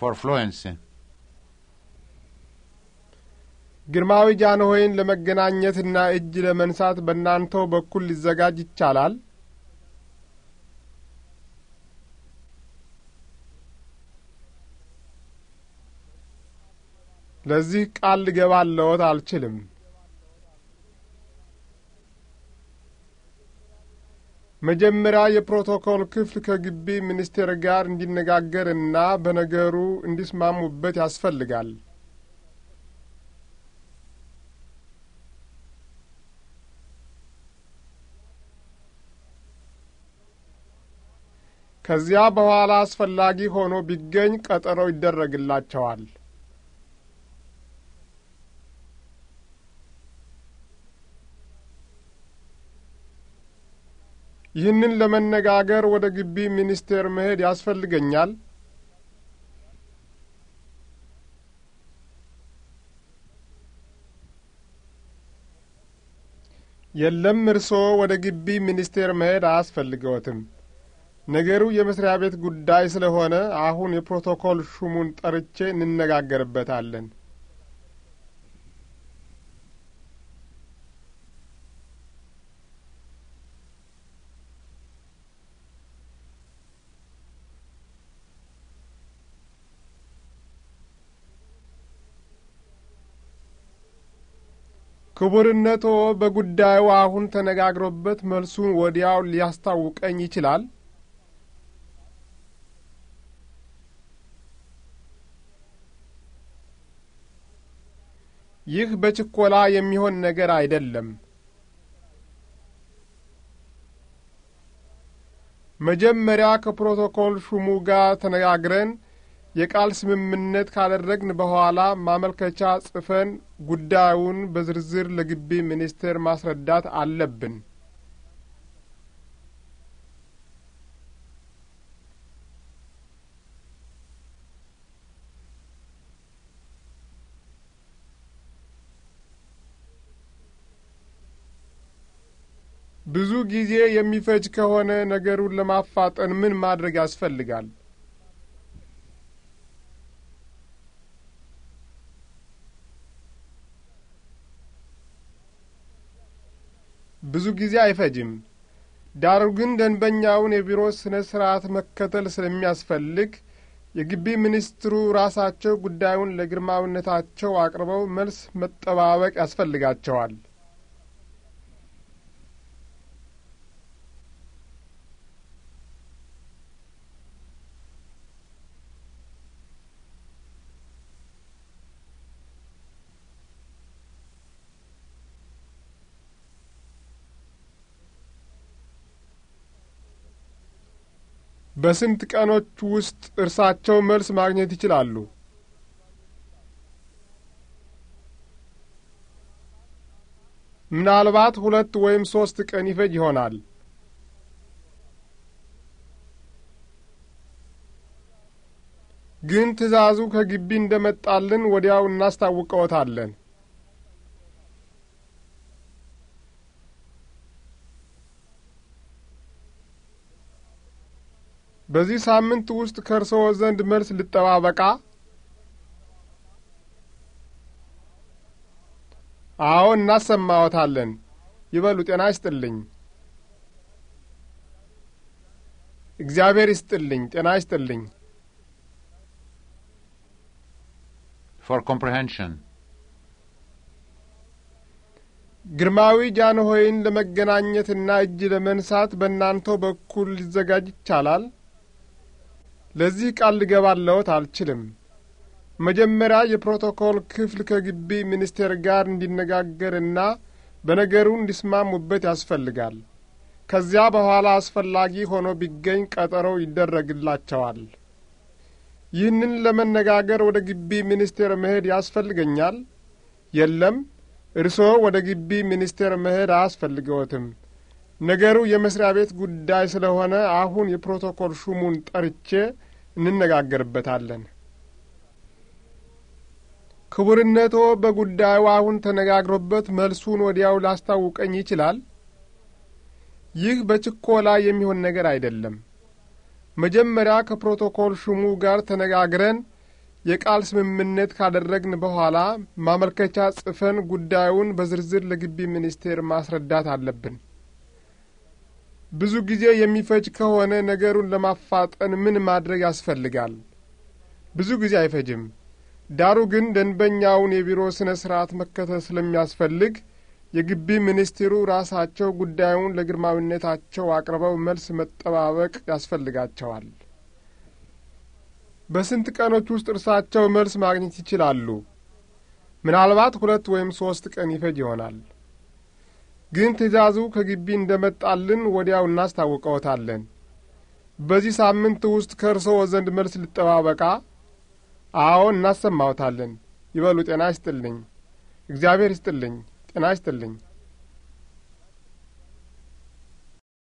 for fluency ግርማዊ ጃንሆይን ለመገናኘትና እጅ ለመንሳት በእናንተው በኩል ሊዘጋጅ ይቻላል? ለዚህ ቃል ልገባለዎት አልችልም። መጀመሪያ የፕሮቶኮል ክፍል ከግቢ ሚኒስቴር ጋር እንዲነጋገር እና በነገሩ እንዲስማሙበት ያስፈልጋል። ከዚያ በኋላ አስፈላጊ ሆኖ ቢገኝ ቀጠሮ ይደረግላቸዋል። ይህንን ለመነጋገር ወደ ግቢ ሚኒስቴር መሄድ ያስፈልገኛል? የለም፣ እርስዎ ወደ ግቢ ሚኒስቴር መሄድ አያስፈልገዎትም። ነገሩ የመስሪያ ቤት ጉዳይ ስለሆነ አሁን የፕሮቶኮል ሹሙን ጠርቼ እንነጋገርበታለን። ክቡርነቶ በጉዳዩ አሁን ተነጋግሮበት መልሱን ወዲያው ሊያስታውቀኝ ይችላል? ይህ በችኮላ የሚሆን ነገር አይደለም። መጀመሪያ ከፕሮቶኮል ሹሙ ጋር ተነጋግረን የቃል ስምምነት ካደረግን በኋላ ማመልከቻ ጽፈን ጉዳዩን በዝርዝር ለግቢ ሚኒስቴር ማስረዳት አለብን። ብዙ ጊዜ የሚፈጅ ከሆነ ነገሩን ለማፋጠን ምን ማድረግ ያስፈልጋል? ብዙ ጊዜ አይፈጅም። ዳሩ ግን ደንበኛውን የቢሮ ስነ ስርዓት መከተል ስለሚያስፈልግ የግቢ ሚኒስትሩ ራሳቸው ጉዳዩን ለግርማዊነታቸው አቅርበው መልስ መጠባበቅ ያስፈልጋቸዋል። በስንት ቀኖች ውስጥ እርሳቸው መልስ ማግኘት ይችላሉ? ምናልባት ሁለት ወይም ሶስት ቀን ይፈጅ ይሆናል። ግን ትዕዛዙ ከግቢ እንደመጣልን ወዲያው እናስታውቀዎታለን። በዚህ ሳምንት ውስጥ ከእርስዎ ዘንድ መልስ ልጠባበቃ? አዎ፣ እናሰማዎታለን። ይበሉ፣ ጤና ይስጥልኝ። እግዚአብሔር ይስጥልኝ፣ ጤና ይስጥልኝ። ፎር ኮምፕሬንሽን ግርማዊ ጃንሆይን ለመገናኘትና እጅ ለመንሳት በእናንተው በኩል ሊዘጋጅ ይቻላል? ለዚህ ቃል ልገባለሁት አልችልም። መጀመሪያ የፕሮቶኮል ክፍል ከግቢ ሚኒስቴር ጋር እንዲነጋገርና በነገሩ እንዲስማሙበት ያስፈልጋል። ከዚያ በኋላ አስፈላጊ ሆኖ ቢገኝ ቀጠሮ ይደረግላቸዋል። ይህንን ለመነጋገር ወደ ግቢ ሚኒስቴር መሄድ ያስፈልገኛል? የለም፣ እርስዎ ወደ ግቢ ሚኒስቴር መሄድ አያስፈልገዎትም። ነገሩ የመስሪያ ቤት ጉዳይ ስለሆነ አሁን የፕሮቶኮል ሹሙን ጠርቼ እንነጋገርበታለን። ክቡርነቶ በጉዳዩ አሁን ተነጋግሮበት መልሱን ወዲያው ላስታውቀኝ ይችላል? ይህ በችኮላ የሚሆን ነገር አይደለም። መጀመሪያ ከፕሮቶኮል ሹሙ ጋር ተነጋግረን የቃል ስምምነት ካደረግን በኋላ ማመልከቻ ጽፈን ጉዳዩን በዝርዝር ለግቢ ሚኒስቴር ማስረዳት አለብን። ብዙ ጊዜ የሚፈጅ ከሆነ ነገሩን ለማፋጠን ምን ማድረግ ያስፈልጋል? ብዙ ጊዜ አይፈጅም። ዳሩ ግን ደንበኛውን የቢሮ ሥነ ሥርዓት መከተል ስለሚያስፈልግ የግቢ ሚኒስትሩ ራሳቸው ጉዳዩን ለግርማዊነታቸው አቅርበው መልስ መጠባበቅ ያስፈልጋቸዋል። በስንት ቀኖች ውስጥ እርሳቸው መልስ ማግኘት ይችላሉ? ምናልባት ሁለት ወይም ሦስት ቀን ይፈጅ ይሆናል። ግን ትእዛዙ ከግቢ እንደመጣልን ወዲያው እናስታውቀዎታለን። በዚህ ሳምንት ውስጥ ከእርስዎ ዘንድ መልስ ልጠባበቃ? አዎ፣ እናሰማዎታለን። ይበሉ። ጤና ይስጥልኝ። እግዚአብሔር ይስጥልኝ። ጤና ይስጥልኝ።